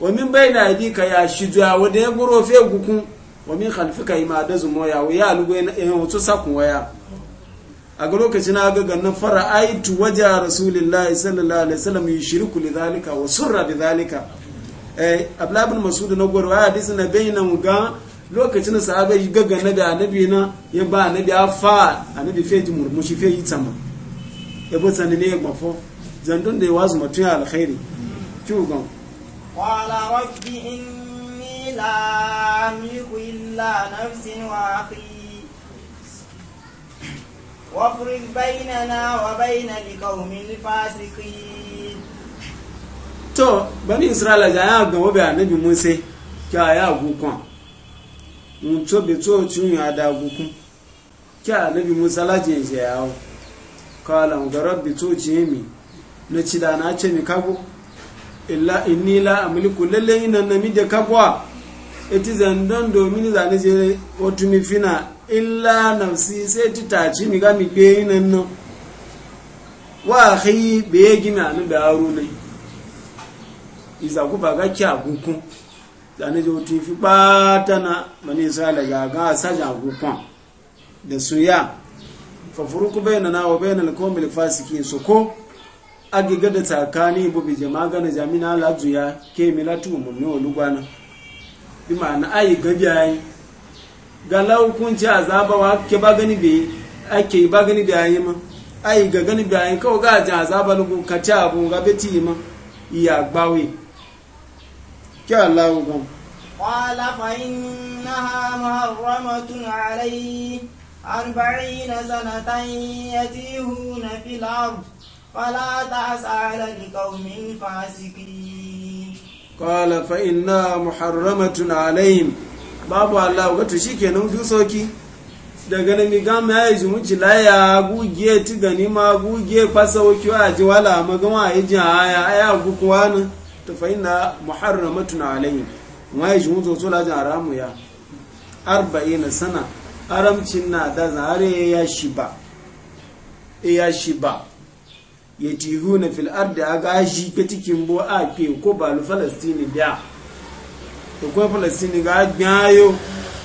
wa min baina ka ya shidu ya wode ya guro fe gukun wa min khalfika ma da zumo ya we ya lugo ya wato sakun waya a ga lokacin na ga ganin fara aitu waja rasulullahi sallallahu alaihi wasallam yushriku zalika wa surra zalika eh abla mas'ud na gwarwa hadisi na bayyana mu ga lokacin da sahabai gaga na da annabi na ya ba annabi a fa annabi feji murmushi feji tsama ya bi tsani ne ya gbafo zandun da ya wazu mutum ya alkhairi kiwu gan qala rabbi inni la amliku illa nafsi wa akhi wafrik bainana wa baina liqaumin fasiqin to bani isra'ila ga ya ga wabe annabi musa ka ya gukon mutu bi tso cin ya da gukun a nabi musa laje je yawo kala mu garab bi tso ci mi na ci da na ce mi kago illa inni la amliku lalle ina na mi de kagwa eti zandon domin zane je otu mi fina illa si sai ti ci mi ga mi gbe ina no wa akhi be gimi anu da aruna iza ba ga ki agukun zane jo ti fi patana mani sala ga ga sajan gufan da su ya furuku bai na baina bai na al fasiki su ko agiga da tsakani bu bi jama na jamina la zuya ke milatu umarni wa olugwana bi ma'ana ayi gabi yayi ga laukunci azabawa ke ba gani bi ake ba gani bi yayi ma ayi ga gani bi yayi kawai ga ajin azaba lugu ka ci abu ga beti ma iya gbawe kí aláwọ̀ gan. qala fa innaha muharramatun alayhi arba'ina sanatan yatihuna fil ard fala ta'sa 'ala al-qawmi fasiqin qala fa innaha muharramatun alayhim babu Allah ga to shikenan du soki daga nan mi gama ya ji mu jilaya gugiye ti gani ma gugiye fasa wuki wa ji wala magama ya ji aya to fa inna muharramatun alayhi wa yi junzo so la haramu ya 40 sana aramcin na da zare ya shiba ya shiba na fil ardi aga shi ke cikin bo a ke ko ba lu falastini da to ko falastini ga gayo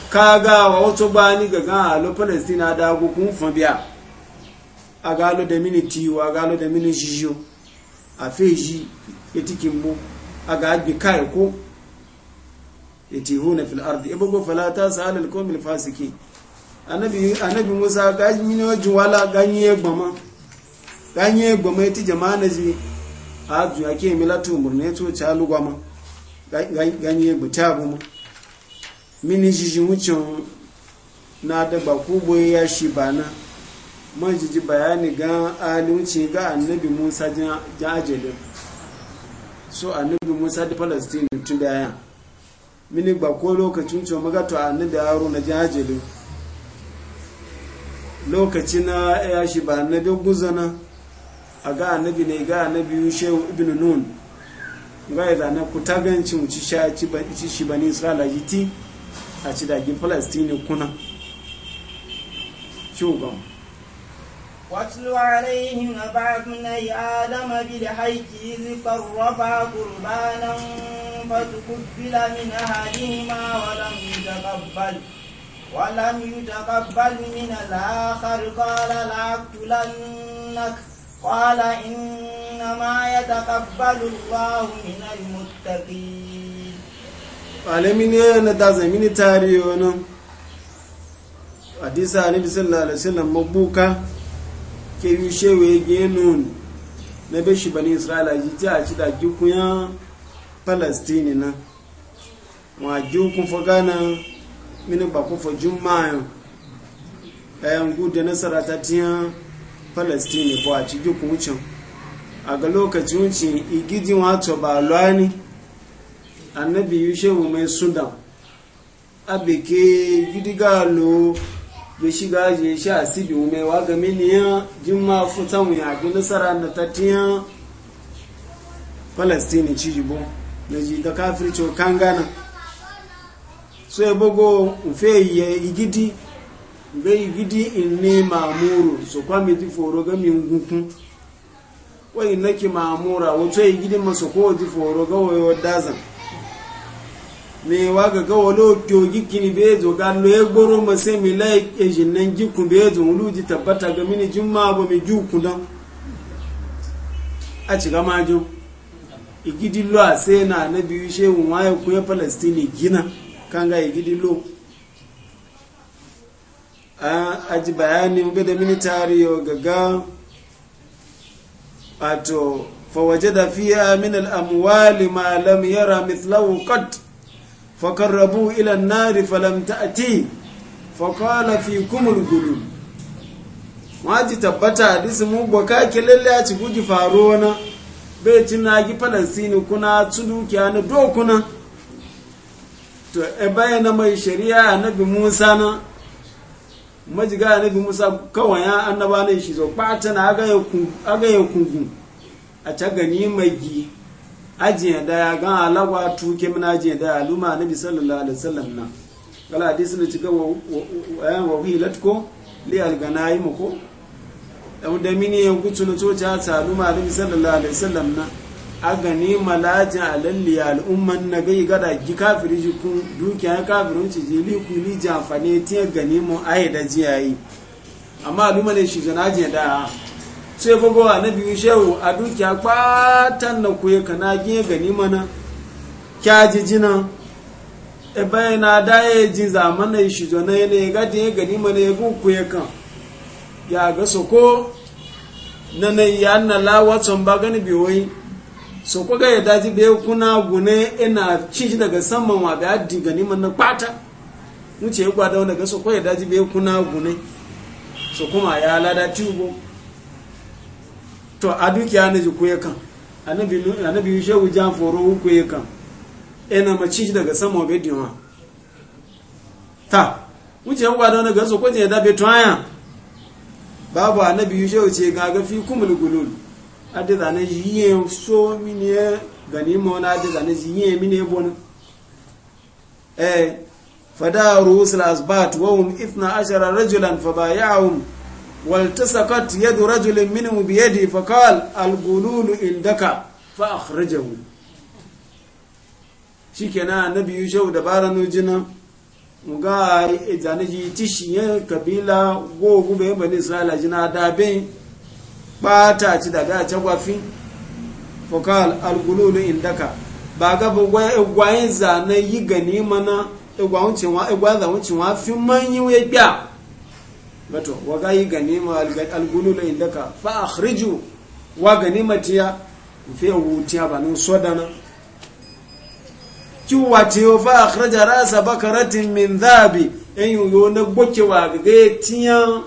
kaga wa wato ba ni ga ga lu falastini da go kun fa biya aga lu da miniti wa aga da mini a feji ya tikin mu a ga agbi kai ko ya ce huna fil ardi ibu ko falata sa halin komil mil fasiki anabi musa ganyi ne wajen wala ganye gbama ganye gbama ya ti jama'a na ji a ju ake milatu murna ya to ci alugwa ma ganye gbama ta abu ma mini jijin wucin na da ba ya shi bana man jiji bayani ga alunci ga annabi musa ja ajalin so annabi musa da palestine tun da yan mini ba ko lokacin cewa magato annabi yaro na ja ajalin lokaci na ya shi ba annabi guzana a ga annabi ne ga annabi yushe ibn nun ga ya zana ku taganci mu ci shi ni israela jiti a ci dagin palestine kuna ciwo واتل عليهم نبع ابني آدم بالحيث إذ قربا قربانا فتقبل من أهلهما ولم يتقبل ولم يتقبل من الآخر قال لأقتلنك قال إنما يتقبل الله من المتقين alamin yana da zamini tarihi wani hadisa ne bisallah alaihi wasallam mabuka kewi shewe genun na be shi bani isra'ila ji ta ci da gikunya palestini na wa gikun fa gana mini ba ku juma'a ayan gudu nasara ta tiya palestini ba a ci gikun wucin a ga lokacin wucin igidin wato ba lwani annabi yushewu mai sudan abike gidigalo ya shiga shi a sibi ga miliyan jimma futan wuya ga nasara na tattiyan palestini ci jibo na ji da kafirci kan gana so ya bugo ufe ya igidi be igidi in ne mamuru so kwami ti foro ga min gukun wai nake mamura wato igidi masu ko ti foro ga wayo dazan me wa ga ga wolo kyogi kini be zo ga lo e gboro ma se mi lai e jinnan ji kun be zo lu ji tabbata ga mini jumma bo mi ju kun dan a ci ga ma jo igidi lo a se na na biyu she wun wa ya kuya gina kan ga igidi lo a ji bayani ga da mini tariyo ga ga wato fawajada fiya min al-amwali ma lam yara mithlahu qat فقربوا إلى النار فلم تأتي فقال فيكم الغلو ما تتبتا ديس مو بكا كلله a ci guji faro na bai ci na gi falastini kuna tsudukiya na dokuna to e bayyana mai shari'a annabi musa na majiga annabi musa kawai ya annaba ne shi zo ɓata na aga ya kungu a ta gani mai gi ajiye daya gan alagwa tuke muna ajiye daya luma nabi sallallahu alaihi wasallam na kala hadisi ne cika wa wa hilat ko li alganai mu ko dan da mini yan kucu na coci ta aluma nabi sallallahu alaihi wasallam na A gani malaji alalli al'umman na gai gada gi kafiri ji kun dukiya kafirin ci ji li ku ni jamfane tiya gani mu ayi da jiyayi amma luma ne shi ganaje da sai bugu a na biyu shehu a dukiya kwatan na kuye ka na gina gani mana kya ji jina e bayan na da ji zamana ya shi jona yana ne ya gadi ya gani mana ya gun kuye kan ya ga soko na na ya na lawatan ba gani biyoyi soko ga ya daji bai kuna gune ina ci daga saman wa ga di gani mana kwata wuce ya gwada wani ga soko ya daji bai kuna gune so kuma ya lada tubo to a dukiya na ji kuye kan annabi yushe jan foro kuye kan ina e maci shi daga sama obe diwa ta wuce yan gwada wani gansu kwaje ya dabe tuwaya babu annabi yushe wuce gaga fi kumul gulul adi zane yiye so mini ya gani ma wani adi zane yi mini ya bonu eh fada rusul asbat wa hum 12 rajulan fabayahum والتصقت يد رجل منه بيده فقال الغلول عندك فأخرجه shikenan annabi yushau dabara nujina ga zane ji tishiyen kabila gogu bai bani isra'ila jina dabe bata ci daga a gwafi fokal algululu indaka ba ga gwayin zane yi gani mana igwa wucewa igwa za wucewa fi manyi ya gba gato wa gayi ganima algulula indaka fa akhriju wa ganimatiya fi wutiya banu sodana kiwa tiyo fa akhraja rasa bakaratin min dhabi en yuyo na gboke wa gaye tiya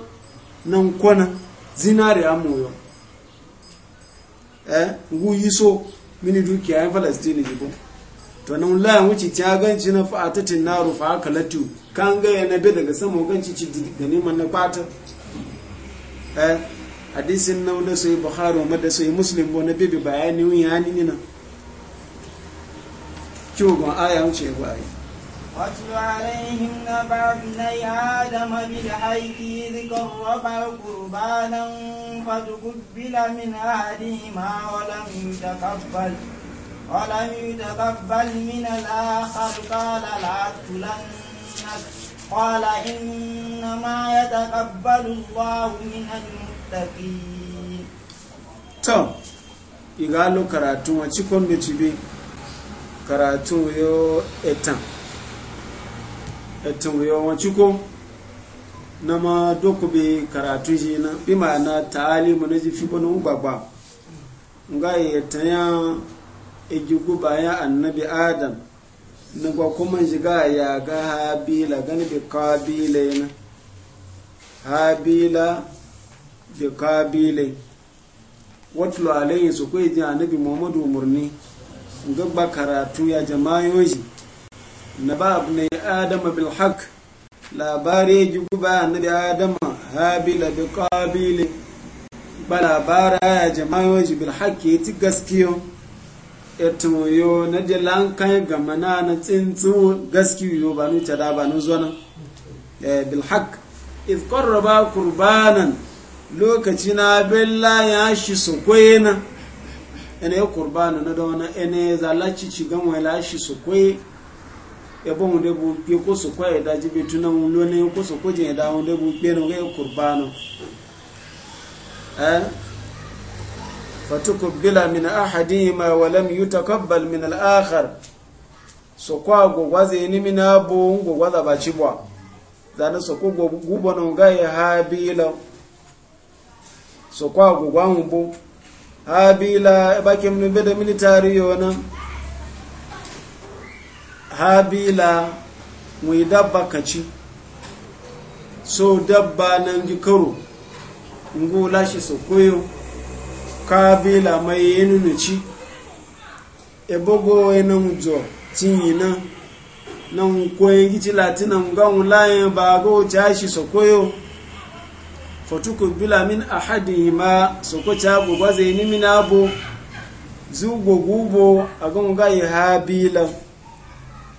nan kwana zinari amuyo eh ngu yiso mini dukiya en palestine jibo to nan la wuci ta ganci na fa atatin naru fa akalatu kan gaya na bi daga sama kan cici neman na kwata eh hadisin na da sai bukhari wa da sai muslim bo na bi bayani wani yani ne na kiwo aya wuce ba ai واتل عليهم نبع ابني آدم بالحيث إذ قربانا فتقبل من أحدهما ولم يتقبل ولم يتقبل من الآخر قال قال إنما يتقبل الله من المتقين تو يقالوا karatu a cikon karatu yo etan etan yo wa na ma doku be karatu shi na bi ma na ta'alimu na jifi bana ugbagba nga ya ejugu annabi adam na kuma shiga ya ga habila gani bi kabila yana habila bi kabila lalai ya su kai ji annabi muhammadu murni gaba karatu ya jama'oji na ba abu ne adama bil haq labari ji guba bi adama habila bi kabila ba labara ya jama'oji bil haq ya ti gaskiyo etun yo na je lankan ga na na tsintsu gaski yo ba nu tada ba nu eh bil haq iz qarraba qurbanan lokaci na bella ya shi su koyena ene qurbana na da wani ene zalaci ci gan wala shi su koye ya bon de bu pe ko su koye da jibe tunan lo ne ko su koje da won de bu pe no qurbana eh fatukubbila min ahadihima wa lam yutakabbal min al-akhar so kwa gogwaze ni minabu gogwaza bachibwa zana so ko gubo no gaye habila so kwa gogwambu habila bake mnibede military yona habila dabba kaci so dabba nan ji karo ngula shi so koyo kabila mai yenu na ci ebogo ena ujo tinyi na na nkwe gici latina nga wulayen ba ga wuce shi sokoyo fatuku bila min ma sokoci abu ba zai nimi na abu zugo gubo a ga nga yi bila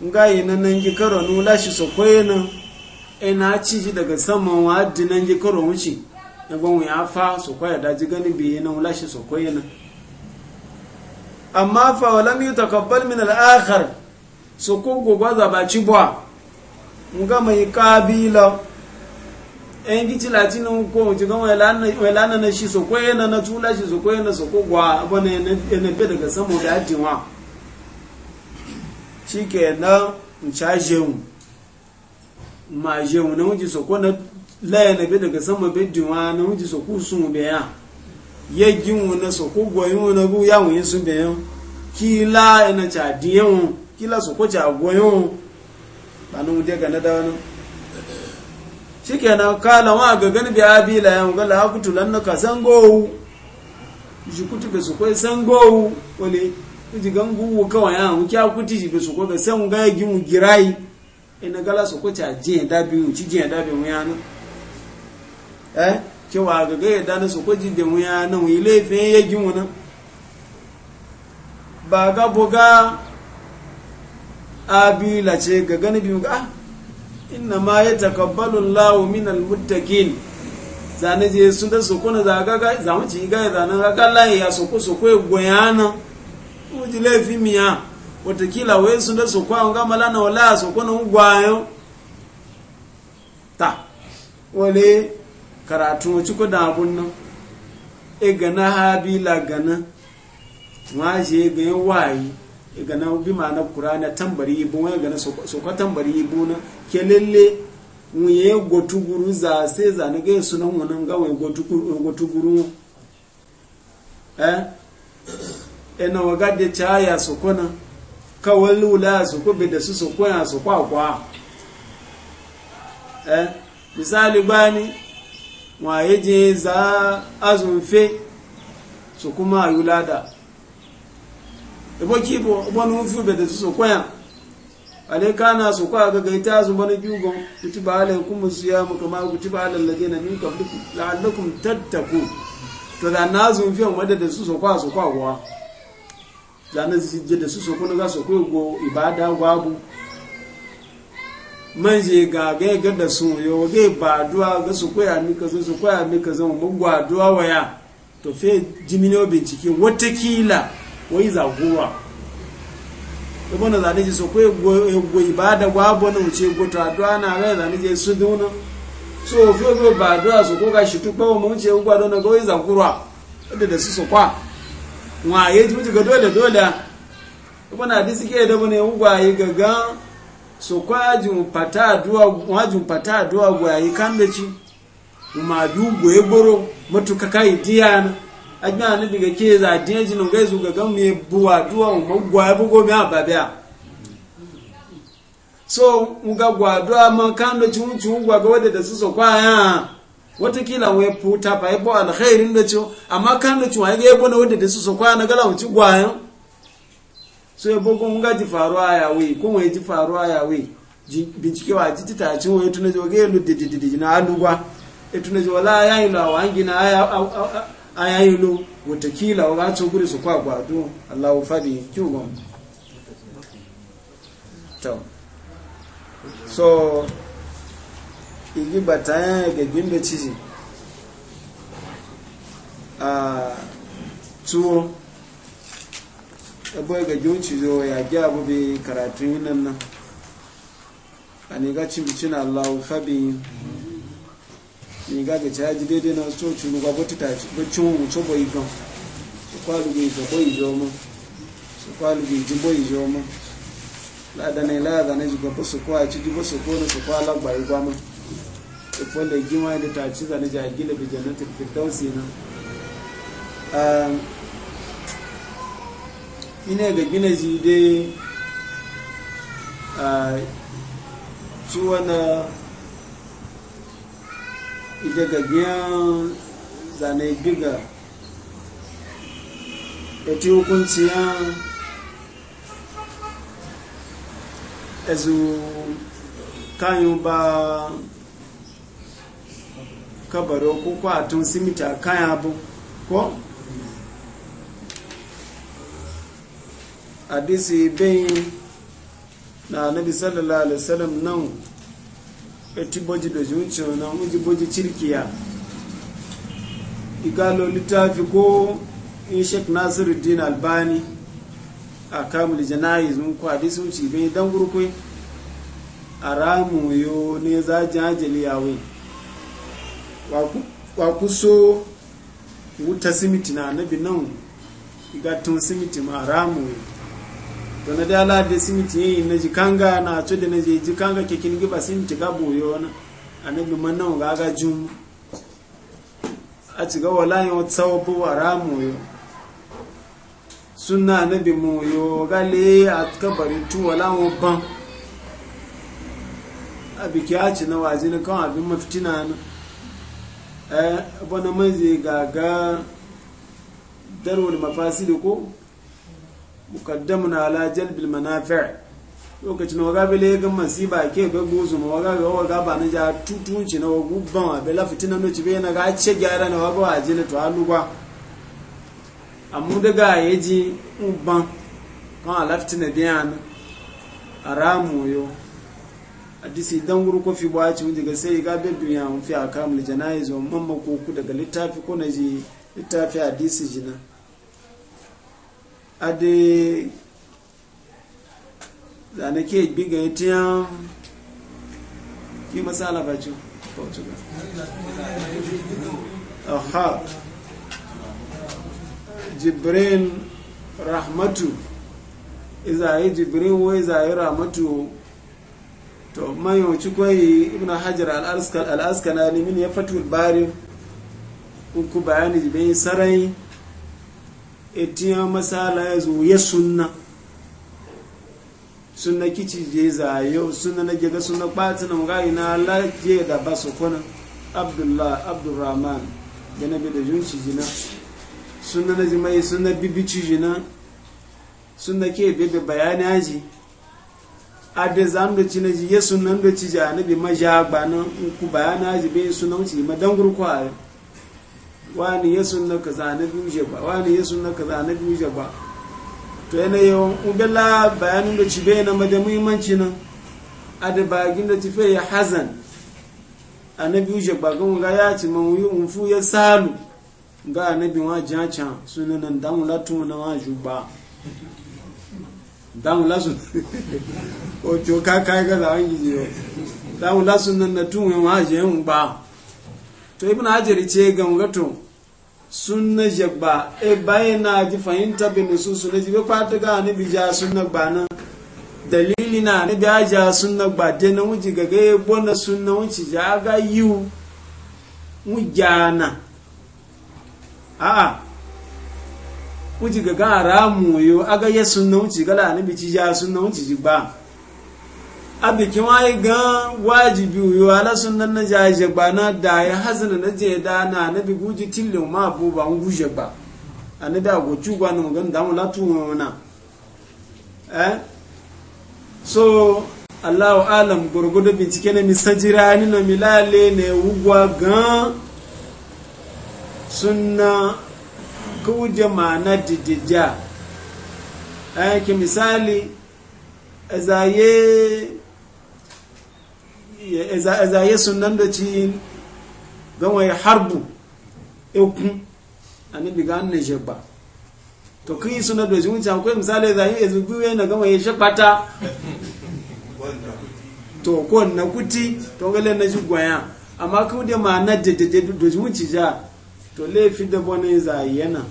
nga yi na nan gi karo nula shi sokoyo na ina ci daga saman wa adi nan gi karo wuce na gbanwu ya fa su kwaya daji gani biye na wulashi su kwaya na amma fa walam yi takabbal min al'akhar su kogo gwaza ba ci bwa nga mai kabila ɗan gici latinin ko ji gan wailana na shi su kwaya na na tula shi su kwaya na su kogo abana yana fi daga samu da ajiyar shi ke na nca jewu ma jewu na wuji su kwa na na bí daga sama bí dìwọ́n na wọ́n ti sọ̀kú sun bẹ̀ yà yẹ jí wọn na sọ̀kú gbọ́ yín na sun kí la ẹ̀nà tí a dín yẹn wọn kí la sọ̀kú tí a gbọ́ wọn wọn dẹ́ka na dáwọn shi kenan kala a wọn kala akutu lanna ka sango wu shi kutu bẹ sọ̀kú sango gala a jẹ́ ẹ̀dá bí wọn ci ji ẹ̀dá bí eh ke wa gaga ya dana su kwaji da mu ya nan wi laifin ya gi mu nan ba ga boga abila ce ga gani biyu ga inna ma ya takabbalu min almuttaqin zane je sun da su kuna zaga ga za mu ci ga zanan ga kallai ya su ku su ku goyana uji laifi miya watakila wai sun da su kwa ga malana wala su kuna gwayo ta wale karatu ci ko da abun nan e gana la gana ma je ga yin wayi e gana bi ma na qur'ana tambari ibo wani gana so ko tambari ibo na ke lalle mu ye gotu guru za sai za ne ga sunan wannan ga wai gotu gotu guru eh ena waga de chaya so na ka walula so ko be da su so kona so kwa kwa eh misali bani waye je za azunfe su kuma a yulada ibo kibo wani hufi bai da su kwaya ale kana su kwa ga gaita su bana kyugo kuti ba ala kuma su ya muka ma kuti ba ala lade na min kabli la'allakum tattaku to da na zunfe wanda da su su kwa su kwa wa zanen su je da su su kuna ga su kwa go ibada gwabu manje ga ga ga da su yo ga ba duwa ga su koya mi kazo su koya mi zama mu gwa duwa waya to fe jimino bincike wata kila wai za gowa to bona za ne su koya go ibada gwa bona mu ce go ta duwa na ga za ne su duna so fe go ba duwa su ko ga shi tu ba mu ce gwa dona go za kurwa da da su su kwa wa ye ji mu ga dole dole bona disike ke da bona gwa yi gaga so kwa ajin mpata aduwa gwayayi kambaci umadu goye boro matuka kai diyana ajina ne ga ke za diya jinin gaizu ga gan mai buwa aduwa umagwaya bugo mai ababiya so nga gwadwa makando chunchu gwaga wade da suso kwa ya watakila we puta pa ebo alkhairin da cho amma kando chwa ga ebo na wede da suso kwa na gala mu chugwa so ya bugun ga ji faruwa ya wai kun wai ji faruwa ya wai bincike ji ta cin wai tuna ji wage lu didididi na alugwa e tuna ji wala ya yi lawa an gina a ya yi lu watakila wa ga cin su kwa gwado allahu fadi kyugon to so igi batayen gagin da ciji a ah, tuwo abuwa ga jonci zo ya gi abu bi karatun yi nan nan a ni ga cibicin allahu fabi ni ga ga caji daidai na so cinu ga bata ta ci bacci mu mutu bai gan su kwalu bai ga bai jo mu su kwalu bai ji bai jo mu lada ne lada ne ji gaba su kwa ci ji ba su kone su kwa lagba yi gwa mu ikon e da gima da ta ci zane jagila bi jannatin firdausi nan ina ga gina zide a tuwa na ita ga biyan zane biga ya ti hukunci ya ezu kanyu ba kabaro ko kwa tun simita kayan abu ko hadisi bayin na annabi sallallahu alaihi wasallam nan eti boji da junci na muji boji cirkiya igalo litafi ko in shek nasiruddin albani a kamul janayiz mun ko hadisi mun ci bayin dan gurkui aramu yo ne za jajali yawo wa kuso wuta simiti na annabi nan igatun simiti ma aramu yo to na da la da simiti yi na jikanga na to da na je jikanga kanga ke kin giba simiti ga boyo na anabi man nan ga ga jun a ci ga wala yo tsawo bu wara yo sunna anabi mu yo ga le a bari tu wala mu ban abi ki a ci na wazi na kan abin mafitina na eh bana mai ga ga darul mafasili ko muqaddamun ala jalbil manafi' lokacin waga bele ga masiba ke ga gozu ma waga ga waga ba na ja tutunci na wagu ban be bela fitina no cibe na ga ce gyara na waga waje na to aluwa amma daga yaji uban kan ala fitina biyan aramu yo disi dan guru ko fi bwaci mun sai ga bai duniya mun fi akamul janayiz mun mamma ko ku daga littafi ko na ji littafi disi jina ade zane ke biga ya tiya ki matsala ba ci portugal aha jibrin rahmatu izayi jibrin wai zayi rahmatu to mayan ci kwayi ibn hajar al-askanani min ya fatul bari uku bayani jibin sarai etiya masala ya zo ya sunna sunna kici je zayo sunna na je sunna kwati na mugayi na la je da basu kuna abdullah abdurrahman da nabi da junci jina sunna na mai sunna bibici jina sunna ke bebe bayani haji ade zam da ci na ji ya sunna da ci ja nabi ma ja gbanan ku bayani haji be sunna ci ma dangurkwa wani ya sunna kaza zane biyu je ba wani ya sunna kaza zane biyu je ba to wa ubela bayanin da cibe bai na mada muhimmanci nan a da bagin da tafiya ya hazan annabi uje bagan ga ya ci man yi unfu ya salu ga annabi wa jacha sunan nan dan la tu na wa juba dan la sun o to ka kai ga da wangi jiyo dan la sun nan na tu wa je ba to ibn hajar ce ga ngato sunna jagba e bayana ji fahimta bi nususu na jibe kwata ga ni bija sunna gba na dalili na ni da ja sunna gba de na wuji ga ga e bona sunna wuci ja ga yiwu mu jana a a wuji ga ga ramu yo aga ya sunna wuci ga la ni bi ji ja sunna wuci ji gba abiki waye gan wajibi yo ala sunnan na jaje jagba na da ya hazana na je da na na bi guji tillo ma bu ba un guje ba ani da go no gan da mu na eh so Allahu alam gurgudu bincike ne misajira ni no milale ne wugwa gan sunna kuje ma'ana didija eh ki misali zaye ezaye sunan da ci ya harbu ekun a nufi ga annan shekpa to kun yi sunan da jimunci akwai misali ezaye ya zubi ya shekpa ta to ko na kuti to gale na ji gwaya amma kawo da ma na jajjaje da jimunci ja to laifi da bane yana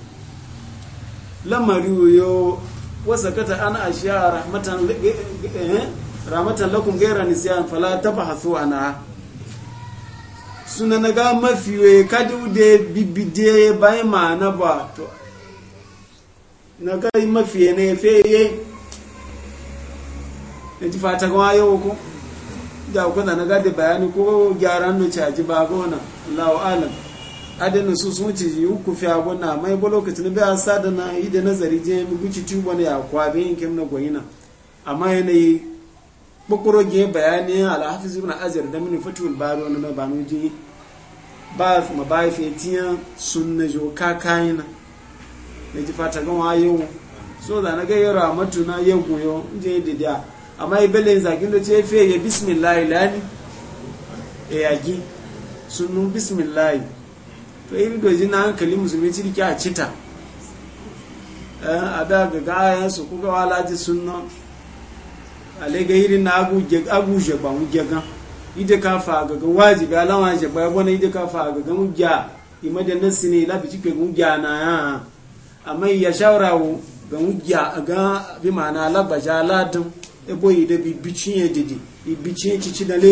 lamari yau wasa kata ana ashiya a rahmatan eh, eh, eh, eh ramatan lakum gaira nisyan fala tabahasu ana suna na ga mafiwe kadu da bibide bai ma'ana ba to na ga mafiye ne feye ne ti fata kuma yau ko da ku da na ga da bayani ko gyaran no caji ba gona Allahu alam adana su sun ci yi ku fi agona mai ba lokacin bai an sada na yi da nazari je mu guci tubo ne ya kwabe yankin na goyina amma yanayi kokoro ge bayani alhafiz ibn azir da min fatul bari wani mai banu ji ba ma ba fi tiya sunna jo ka kaina ne ji fata ga wayo so da na ga yara matuna ya goyo je didiya amma ibele zagin da ce fe ya bismillah lani e yagi sunu bismillah to iri ji na hankali musulmi cirki a cita eh, a da ga gayan su kuka ji sunan alega irin na agu ba mu gan ide ka fa gaga waji ga lawa jagba ba bona ide ka fa gaga mu ja imaje da sini la bi cike mu ja na ya amma ya shawara wu ga mu ja ga bi mana ba ja dun e boyi da bi bicin ya didi bicin ci ci da e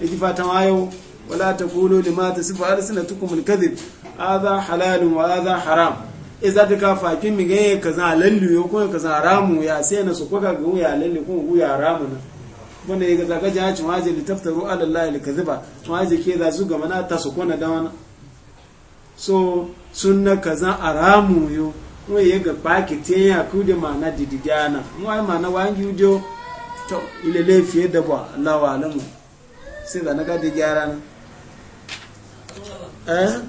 yake fata wayo wala taqulu lima tasifu al kadhib hadha halalun wa hadha haram iza e ta ka fakin mi ganye ka zan alallu yo kuma ka zan ramu ya sai na su kwaka ga ya alallu kuma gu ya ramu na wanda ya gaza ka jaci waje li taftaru ala Allah li kaziba waje ke za su gama na ta su kona da wani so sunna ka zan aramu yo kuma ya ga baki tiya ku da mana didigana mu ma na wangi ujo to ile le fiye da ba Allah alamu sai da na ga di gyara na eh ah,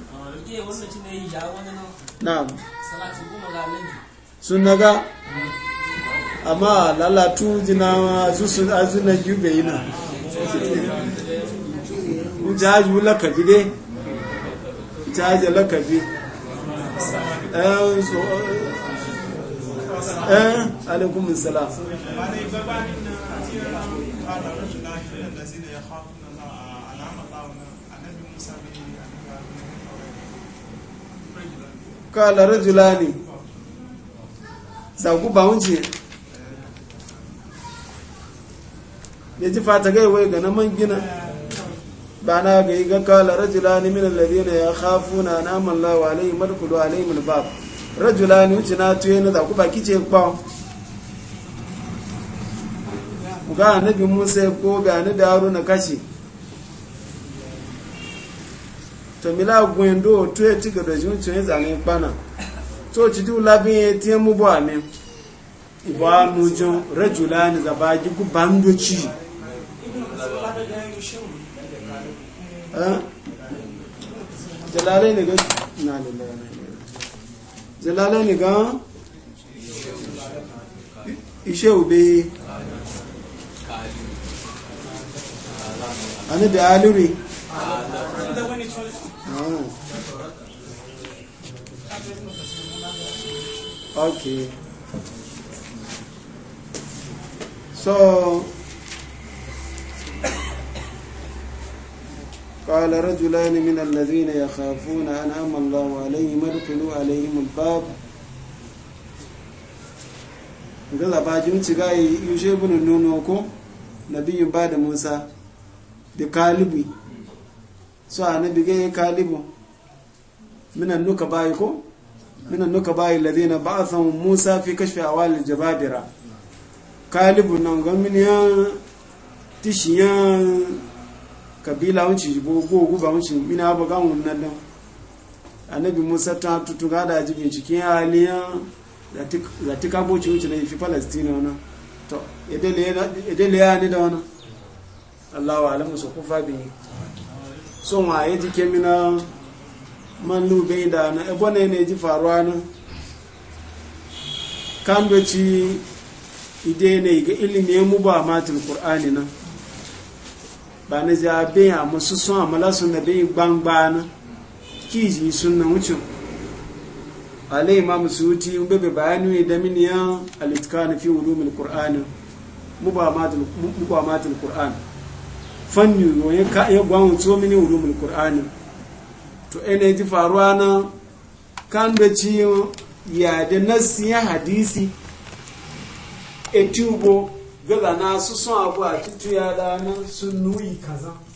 Na'am. sun naga amma lalatu jina su azuna jube yana mun ji haji wula kabi dai ji haji wula kabi eh, eh, eh salam. kala rajulani zagu ba wunci ya ji fata gaiwai ga na man gina ba na ga yi ga kala rajulani min alladhina yakhafuna anama Allahu alaihim madkhulu alaihim albab rajulani wuce na tuye na ku ba kice kwa ga annabi Musa ko ga annabi Haruna kashi to mila gwen do to e ti godo jun tun za ni pana to ti du labin e ti mu bo ami ibo anu jun rajulan za ba ji ku bando chi eh jalalain ga na lillahi jalalain ga iṣẹ́ alúrí ah, okay so قال رجلان من الذين يخافون ان أنعم الله عليهم ادخلوا عليهم الباب غلا باجون تغاي يجيبون نونوكو نبي بعد موسى دي بقالبي so annabi ah, ga kalibu minan nuka bayi ko minan nuka bayi ladina ba'athahum musa fi kashfi awal jababira kalibu nan ga min ya tishiyan kabila wuce gogo ba wuce mina ba ga wannan dan annabi musa ta tutuga da jibi cikin haliya da tika boci wuce na yi fi palestina wana to edele ya ni da wana allahu alamu su kufa biyu so waye jike mina man lube da na ebo ne ne ji faruwa na kan ide ne ga ilimi muba a matin na ba na ja be a musu sun a malasu na bai gbangba na ki ji na wucin ale ma suuti un bebe bayani da miniya al-itkan fi ulum kur'ani quran mu matin mu matin kur'ani. yoyin wo ya gwanwu tso mini ulumul ƙur'ani to ene ji faruwa na kan da ci ya da nasi hadisi etubo gaza na su sun abu a tutu ya da nan sun nuyi kaza